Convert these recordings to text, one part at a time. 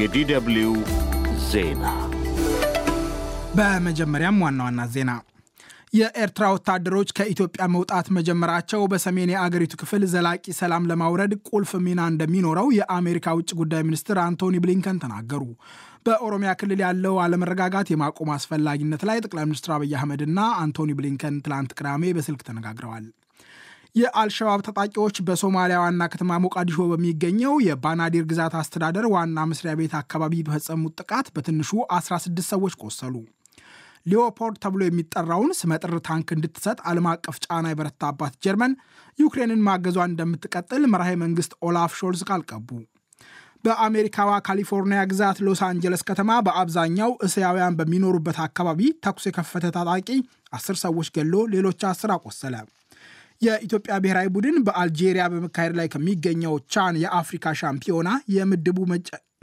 የዲደብልዩ ዜና በመጀመሪያም ዋና ዋና ዜና የኤርትራ ወታደሮች ከኢትዮጵያ መውጣት መጀመራቸው በሰሜን የአገሪቱ ክፍል ዘላቂ ሰላም ለማውረድ ቁልፍ ሚና እንደሚኖረው የአሜሪካ ውጭ ጉዳይ ሚኒስትር አንቶኒ ብሊንከን ተናገሩ። በኦሮሚያ ክልል ያለው አለመረጋጋት የማቆም አስፈላጊነት ላይ ጠቅላይ ሚኒስትር አብይ አህመድና አንቶኒ ብሊንከን ትላንት ቅዳሜ በስልክ ተነጋግረዋል። የአልሸባብ ታጣቂዎች በሶማሊያ ዋና ከተማ ሞቃዲሾ በሚገኘው የባናዲር ግዛት አስተዳደር ዋና መስሪያ ቤት አካባቢ በፈጸሙት ጥቃት በትንሹ 16 ሰዎች ቆሰሉ። ሊዮፖርድ ተብሎ የሚጠራውን ስመጥር ታንክ እንድትሰጥ ዓለም አቀፍ ጫና የበረታባት ጀርመን ዩክሬንን ማገዟን እንደምትቀጥል መራሄ መንግስት ኦላፍ ሾልዝ ቃል ገቡ። በአሜሪካዋ ካሊፎርኒያ ግዛት ሎስ አንጀለስ ከተማ በአብዛኛው እስያውያን በሚኖሩበት አካባቢ ተኩስ የከፈተ ታጣቂ አስር ሰዎች ገሎ ሌሎች አስር አቆሰለ። የኢትዮጵያ ብሔራዊ ቡድን በአልጄሪያ በመካሄድ ላይ ከሚገኘው ቻን የአፍሪካ ሻምፒዮና የምድቡ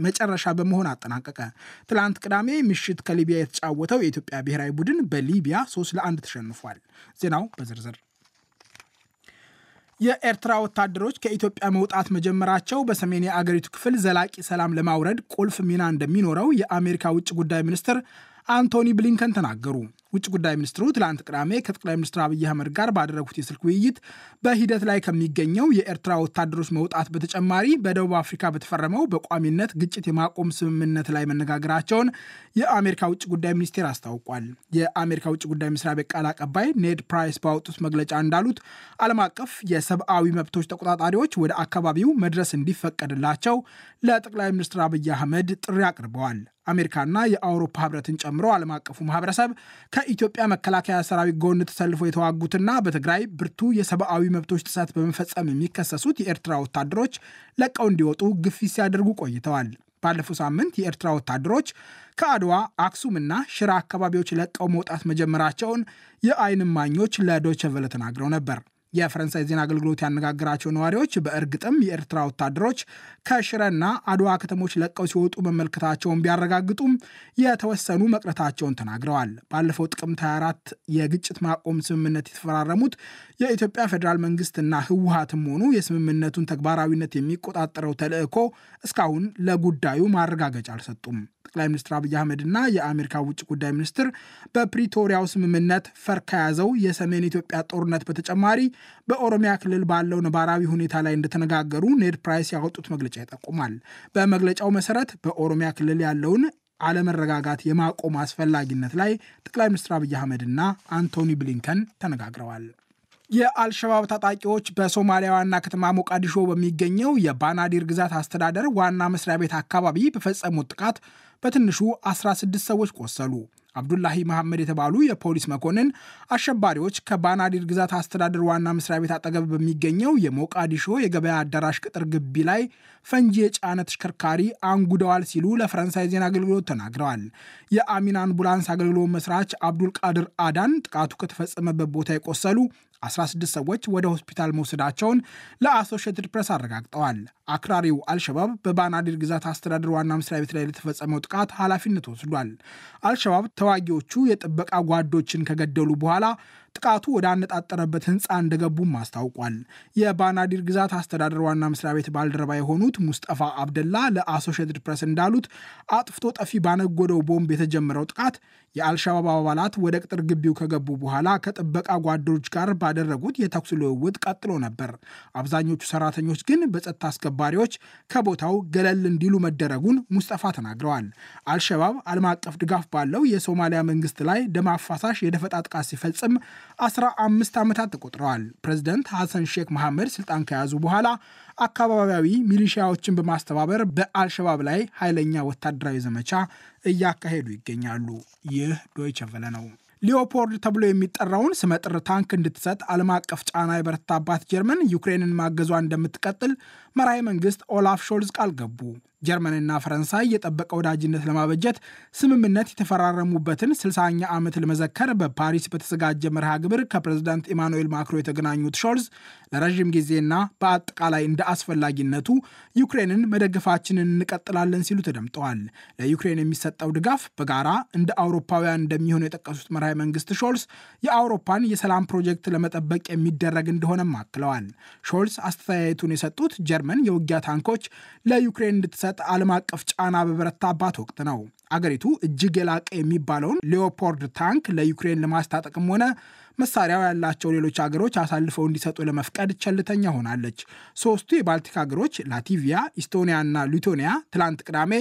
መጨረሻ በመሆን አጠናቀቀ። ትላንት ቅዳሜ ምሽት ከሊቢያ የተጫወተው የኢትዮጵያ ብሔራዊ ቡድን በሊቢያ ሶስት ለአንድ ተሸንፏል። ዜናው በዝርዝር የኤርትራ ወታደሮች ከኢትዮጵያ መውጣት መጀመራቸው በሰሜን የአገሪቱ ክፍል ዘላቂ ሰላም ለማውረድ ቁልፍ ሚና እንደሚኖረው የአሜሪካ ውጭ ጉዳይ ሚኒስትር አንቶኒ ብሊንከን ተናገሩ። ውጭ ጉዳይ ሚኒስትሩ ትላንት ቅዳሜ ከጠቅላይ ሚኒስትር አብይ አህመድ ጋር ባደረጉት የስልክ ውይይት በሂደት ላይ ከሚገኘው የኤርትራ ወታደሮች መውጣት በተጨማሪ በደቡብ አፍሪካ በተፈረመው በቋሚነት ግጭት የማቆም ስምምነት ላይ መነጋገራቸውን የአሜሪካ ውጭ ጉዳይ ሚኒስቴር አስታውቋል። የአሜሪካ ውጭ ጉዳይ መስሪያ ቤት ቃል አቀባይ ኔድ ፕራይስ ባወጡት መግለጫ እንዳሉት ዓለም አቀፍ የሰብአዊ መብቶች ተቆጣጣሪዎች ወደ አካባቢው መድረስ እንዲፈቀድላቸው ለጠቅላይ ሚኒስትር አብይ አህመድ ጥሪ አቅርበዋል። አሜሪካና የአውሮፓ ህብረትን ጨምሮ ዓለም አቀፉ ማህበረሰብ ከኢትዮጵያ መከላከያ ሰራዊት ጎን ተሰልፎ የተዋጉትና በትግራይ ብርቱ የሰብአዊ መብቶች ጥሰት በመፈጸም የሚከሰሱት የኤርትራ ወታደሮች ለቀው እንዲወጡ ግፊት ሲያደርጉ ቆይተዋል። ባለፈው ሳምንት የኤርትራ ወታደሮች ከአድዋ አክሱምና ሽራ አካባቢዎች ለቀው መውጣት መጀመራቸውን የዓይን እማኞች ለዶቸቨለ ተናግረው ነበር። የፈረንሳይ ዜና አገልግሎት ያነጋገራቸው ነዋሪዎች በእርግጥም የኤርትራ ወታደሮች ከሽረና አድዋ ከተሞች ለቀው ሲወጡ መመልከታቸውን ቢያረጋግጡም የተወሰኑ መቅረታቸውን ተናግረዋል። ባለፈው ጥቅምት 24 የግጭት ማቆም ስምምነት የተፈራረሙት የኢትዮጵያ ፌዴራል መንግስትና ህወሀትም ሆኑ የስምምነቱን ተግባራዊነት የሚቆጣጠረው ተልዕኮ እስካሁን ለጉዳዩ ማረጋገጫ አልሰጡም። ጠቅላይ ሚኒስትር አብይ አህመድና የአሜሪካ ውጭ ጉዳይ ሚኒስትር በፕሪቶሪያው ስምምነት ፈር ከያዘው የሰሜን ኢትዮጵያ ጦርነት በተጨማሪ በኦሮሚያ ክልል ባለው ነባራዊ ሁኔታ ላይ እንደተነጋገሩ ኔድ ፕራይስ ያወጡት መግለጫ ይጠቁማል። በመግለጫው መሰረት በኦሮሚያ ክልል ያለውን አለመረጋጋት የማቆም አስፈላጊነት ላይ ጠቅላይ ሚኒስትር አብይ አህመድና አንቶኒ ብሊንከን ተነጋግረዋል። የአልሸባብ ታጣቂዎች በሶማሊያ ዋና ከተማ ሞቃዲሾ በሚገኘው የባናዲር ግዛት አስተዳደር ዋና መስሪያ ቤት አካባቢ በፈጸሙት ጥቃት በትንሹ 16 ሰዎች ቆሰሉ። አብዱላሂ መሐመድ የተባሉ የፖሊስ መኮንን አሸባሪዎች ከባናዲር ግዛት አስተዳደር ዋና መስሪያ ቤት አጠገብ በሚገኘው የሞቃዲሾ የገበያ አዳራሽ ቅጥር ግቢ ላይ ፈንጂ የጫነ ተሽከርካሪ አንጉደዋል ሲሉ ለፈረንሳይ ዜና አገልግሎት ተናግረዋል። የአሚን አምቡላንስ አገልግሎት መስራች አብዱል ቃድር አዳን ጥቃቱ ከተፈጸመበት ቦታ የቆሰሉ 16 ሰዎች ወደ ሆስፒታል መውሰዳቸውን ለአሶሽትድ ፕሬስ አረጋግጠዋል። አክራሪው አልሸባብ በባናዲር ግዛት አስተዳደር ዋና መስሪያ ቤት ላይ ለተፈጸመው ጥቃት ኃላፊነት ወስዷል። አልሸባብ ተዋጊዎቹ የጥበቃ ጓዶችን ከገደሉ በኋላ ጥቃቱ ወደ አነጣጠረበት ህንፃ እንደገቡም አስታውቋል። የባናዲር ግዛት አስተዳደር ዋና መስሪያ ቤት ባልደረባ የሆኑት ሙስጠፋ አብደላ ለአሶሽትድ ፕሬስ እንዳሉት አጥፍቶ ጠፊ ባነጎደው ቦምብ የተጀመረው ጥቃት የአልሻባብ አባላት ወደ ቅጥር ግቢው ከገቡ በኋላ ከጥበቃ ጓዶች ጋር ባደረጉት የተኩስ ልውውጥ ቀጥሎ ነበር። አብዛኞቹ ሰራተኞች ግን በጸጥታ አስከባሪዎች ከቦታው ገለል እንዲሉ መደረጉን ሙስጠፋ ተናግረዋል። አልሸባብ ዓለም አቀፍ ድጋፍ ባለው የሶማሊያ መንግስት ላይ ደም አፋሳሽ የደፈጣ ጥቃት ሲፈጽም አስራ አምስት ዓመታት ተቆጥረዋል። ፕሬዚደንት ሐሰን ሼክ መሐመድ ስልጣን ከያዙ በኋላ አካባቢያዊ ሚሊሺያዎችን በማስተባበር በአልሸባብ ላይ ኃይለኛ ወታደራዊ ዘመቻ እያካሄዱ ይገኛሉ። ይህ ዶይቸ ቨለ ነው። ሊዮፖልድ ተብሎ የሚጠራውን ስመጥር ታንክ እንድትሰጥ ዓለም አቀፍ ጫና የበረታባት ጀርመን ዩክሬንን ማገዟ እንደምትቀጥል መራሄ መንግስት ኦላፍ ሾልዝ ቃል ገቡ። ጀርመንና ፈረንሳይ የጠበቀ ወዳጅነት ለማበጀት ስምምነት የተፈራረሙበትን ስልሳኛ ዓመት ለመዘከር በፓሪስ በተዘጋጀ መርሃ ግብር ከፕሬዝዳንት ኢማኑኤል ማክሮ የተገናኙት ሾልዝ ለረዥም ጊዜና በአጠቃላይ እንደ አስፈላጊነቱ ዩክሬንን መደገፋችንን እንቀጥላለን ሲሉ ተደምጠዋል። ለዩክሬን የሚሰጠው ድጋፍ በጋራ እንደ አውሮፓውያን እንደሚሆን የጠቀሱት መርሃ መንግስት ሾልስ የአውሮፓን የሰላም ፕሮጀክት ለመጠበቅ የሚደረግ እንደሆነም አክለዋል። ሾልስ አስተያየቱን የሰጡት ጀርመን የውጊያ ታንኮች ለዩክሬን እንድትሰ መሰጠት ዓለም አቀፍ ጫና በበረታባት ወቅት ነው። አገሪቱ እጅግ የላቀ የሚባለውን ሊዮፖርድ ታንክ ለዩክሬን ለማስታጠቅም ሆነ መሳሪያው ያላቸው ሌሎች አገሮች አሳልፈው እንዲሰጡ ለመፍቀድ ቸልተኛ ሆናለች። ሶስቱ የባልቲክ አገሮች ላቲቪያ፣ ና ሊቶኒያ ትላንት ቅዳሜ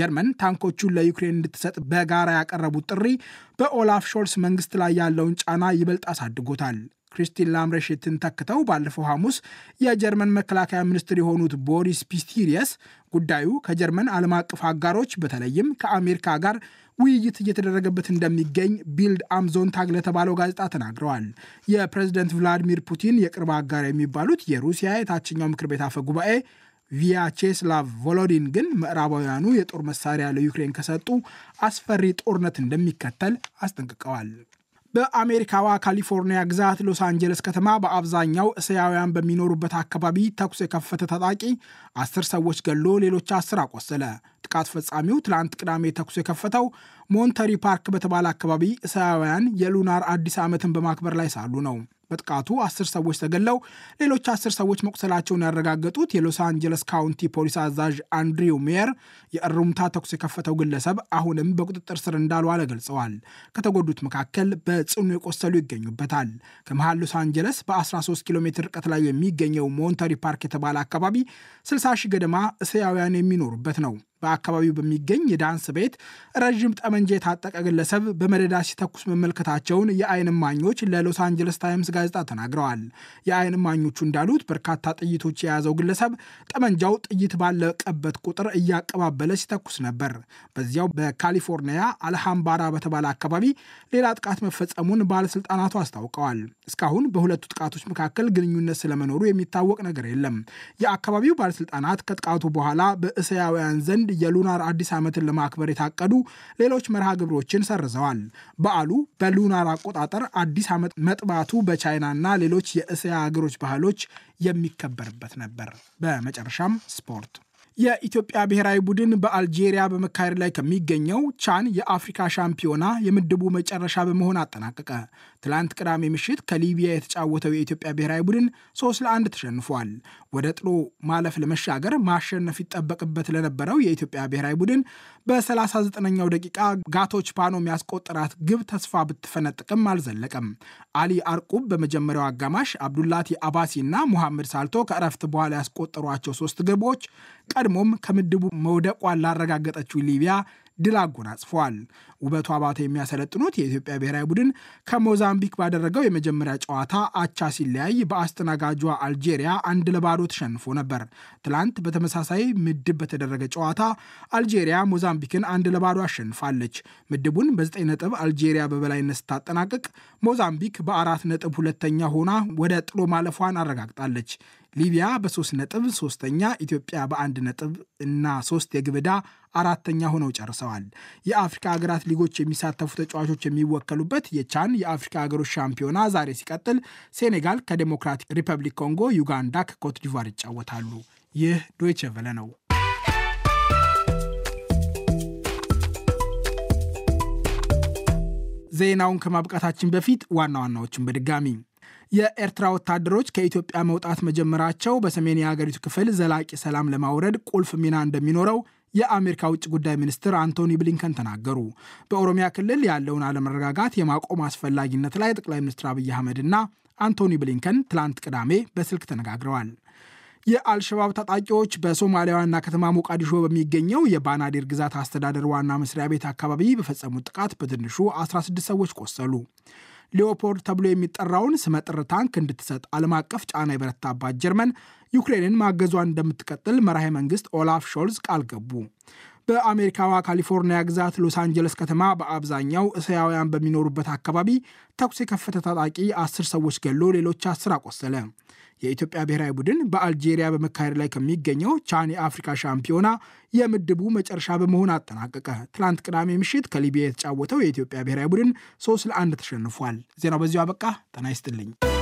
ጀርመን ታንኮቹን ለዩክሬን እንድትሰጥ በጋራ ያቀረቡት ጥሪ በኦላፍ ሾልስ መንግስት ላይ ያለውን ጫና ይበልጥ አሳድጎታል። ክሪስቲን ላምረሽትን ተክተው ባለፈው ሐሙስ የጀርመን መከላከያ ሚኒስትር የሆኑት ቦሪስ ፒስቲሪየስ ጉዳዩ ከጀርመን ዓለም አቀፍ አጋሮች በተለይም ከአሜሪካ ጋር ውይይት እየተደረገበት እንደሚገኝ ቢልድ ታግ ለተባለው ጋዜጣ ተናግረዋል። የፕሬዝደንት ቭላዲሚር ፑቲን የቅርብ አጋር የሚባሉት የሩሲያ የታችኛው ምክር ቤት አፈ ጉባኤ ቪያቼስላቭ ቮሎዲን ግን ምዕራባውያኑ የጦር መሳሪያ ለዩክሬን ከሰጡ አስፈሪ ጦርነት እንደሚከተል አስጠንቅቀዋል። በአሜሪካዋ ካሊፎርኒያ ግዛት ሎስ አንጀለስ ከተማ በአብዛኛው እስያውያን በሚኖሩበት አካባቢ ተኩስ የከፈተ ታጣቂ አስር ሰዎች ገሎ ሌሎች አስር አቆሰለ። ጥቃት ፈጻሚው ትላንት ቅዳሜ ተኩስ የከፈተው ሞንተሪ ፓርክ በተባለ አካባቢ እስያውያን የሉናር አዲስ ዓመትን በማክበር ላይ ሳሉ ነው። በጥቃቱ አስር ሰዎች ተገለው ሌሎች አስር ሰዎች መቁሰላቸውን ያረጋገጡት የሎስ አንጀለስ ካውንቲ ፖሊስ አዛዥ አንድሪው ሜየር የእሩምታ ተኩስ የከፈተው ግለሰብ አሁንም በቁጥጥር ስር እንዳልዋለ ገልጸዋል። ከተጎዱት መካከል በጽኑ የቆሰሉ ይገኙበታል። ከመሃል ሎስ አንጀለስ በ13 ኪሎ ሜትር ርቀት ላይ የሚገኘው ሞንተሪ ፓርክ የተባለ አካባቢ 60 ሺህ ገደማ እስያውያን የሚኖሩበት ነው። በአካባቢው በሚገኝ የዳንስ ቤት ረዥም ጠመንጃ የታጠቀ ግለሰብ በመደዳ ሲተኩስ መመልከታቸውን የአይን ማኞች ለሎስ አንጀለስ ታይምስ ጋዜጣ ተናግረዋል። የአይን ማኞቹ እንዳሉት በርካታ ጥይቶች የያዘው ግለሰብ ጠመንጃው ጥይት ባለቀበት ቁጥር እያቀባበለ ሲተኩስ ነበር። በዚያው በካሊፎርኒያ አልሃምባራ በተባለ አካባቢ ሌላ ጥቃት መፈጸሙን ባለስልጣናቱ አስታውቀዋል። እስካሁን በሁለቱ ጥቃቶች መካከል ግንኙነት ስለመኖሩ የሚታወቅ ነገር የለም። የአካባቢው ባለስልጣናት ከጥቃቱ በኋላ በእስያውያን ዘንድ የሉናር አዲስ ዓመትን ለማክበር የታቀዱ ሌሎች መርሃ ግብሮችን ሰርዘዋል። በዓሉ በሉናር አቆጣጠር አዲስ ዓመት መጥባቱ በቻይናና ሌሎች የእስያ ሀገሮች ባህሎች የሚከበርበት ነበር። በመጨረሻም ስፖርት የኢትዮጵያ ብሔራዊ ቡድን በአልጄሪያ በመካሄድ ላይ ከሚገኘው ቻን የአፍሪካ ሻምፒዮና የምድቡ መጨረሻ በመሆን አጠናቀቀ። ትላንት ቅዳሜ ምሽት ከሊቢያ የተጫወተው የኢትዮጵያ ብሔራዊ ቡድን ሶስት ለአንድ ተሸንፏል። ወደ ጥሎ ማለፍ ለመሻገር ማሸነፍ ይጠበቅበት ለነበረው የኢትዮጵያ ብሔራዊ ቡድን በ39ኛው ደቂቃ ጋቶች ፓኖ የሚያስቆጠራት ግብ ተስፋ ብትፈነጥቅም አልዘለቀም። አሊ አርቁብ በመጀመሪያው አጋማሽ፣ አብዱላቲ አባሲ እና ሙሐመድ ሳልቶ ከእረፍት በኋላ ያስቆጠሯቸው ሶስት ግቦች ቀድሞም ከምድቡ መውደቋን ላረጋገጠችው ሊቢያ ድል አጎናጽፈዋል። ውበቱ አባተ የሚያሰለጥኑት የኢትዮጵያ ብሔራዊ ቡድን ከሞዛምቢክ ባደረገው የመጀመሪያ ጨዋታ አቻ ሲለያይ በአስተናጋጇ አልጄሪያ አንድ ለባዶ ተሸንፎ ነበር። ትላንት በተመሳሳይ ምድብ በተደረገ ጨዋታ አልጄሪያ ሞዛምቢክን አንድ ለባዶ አሸንፋለች። ምድቡን በ9 ነጥብ አልጄሪያ በበላይነት ስታጠናቅቅ ሞዛምቢክ በአራት ነጥብ ሁለተኛ ሆና ወደ ጥሎ ማለፏን አረጋግጣለች። ሊቢያ በሶስት ነጥብ ሶስተኛ፣ ኢትዮጵያ በአንድ ነጥብ እና ሶስት የግብዳ አራተኛ ሆነው ጨርሰዋል። የአፍሪካ ሀገራት ሊጎች የሚሳተፉ ተጫዋቾች የሚወከሉበት የቻን የአፍሪካ ሀገሮች ሻምፒዮና ዛሬ ሲቀጥል ሴኔጋል ከዴሞክራቲክ ሪፐብሊክ ኮንጎ፣ ዩጋንዳ ከኮት ዲቫር ይጫወታሉ። ይህ ዶይቼ ቬለ ነው። ዜናውን ከማብቃታችን በፊት ዋና ዋናዎችን በድጋሚ የኤርትራ ወታደሮች ከኢትዮጵያ መውጣት መጀመራቸው በሰሜን የሀገሪቱ ክፍል ዘላቂ ሰላም ለማውረድ ቁልፍ ሚና እንደሚኖረው የአሜሪካ ውጭ ጉዳይ ሚኒስትር አንቶኒ ብሊንከን ተናገሩ። በኦሮሚያ ክልል ያለውን አለመረጋጋት የማቆም አስፈላጊነት ላይ ጠቅላይ ሚኒስትር አብይ አህመድና አንቶኒ ብሊንከን ትላንት ቅዳሜ በስልክ ተነጋግረዋል። የአልሸባብ ታጣቂዎች በሶማሊያ ዋና ከተማ ሞቃዲሾ በሚገኘው የባናዴር ግዛት አስተዳደር ዋና መስሪያ ቤት አካባቢ በፈጸሙት ጥቃት በትንሹ 16 ሰዎች ቆሰሉ። ሌኦፖልድ ተብሎ የሚጠራውን ስመጥር ታንክ እንድትሰጥ ዓለም አቀፍ ጫና የበረታባት ጀርመን ዩክሬንን ማገዟን እንደምትቀጥል መራሄ መንግስት ኦላፍ ሾልዝ ቃል ገቡ። በአሜሪካዋ ካሊፎርኒያ ግዛት ሎስ አንጀለስ ከተማ በአብዛኛው እስያውያን በሚኖሩበት አካባቢ ተኩስ የከፈተ ታጣቂ አስር ሰዎች ገሎ ሌሎች አስር አቆሰለ። የኢትዮጵያ ብሔራዊ ቡድን በአልጄሪያ በመካሄድ ላይ ከሚገኘው ቻን የአፍሪካ ሻምፒዮና የምድቡ መጨረሻ በመሆን አጠናቀቀ። ትላንት ቅዳሜ ምሽት ከሊቢያ የተጫወተው የኢትዮጵያ ብሔራዊ ቡድን ሶስት ለአንድ ተሸንፏል። ዜናው በዚሁ አበቃ። ጤና ይስጥልኝ።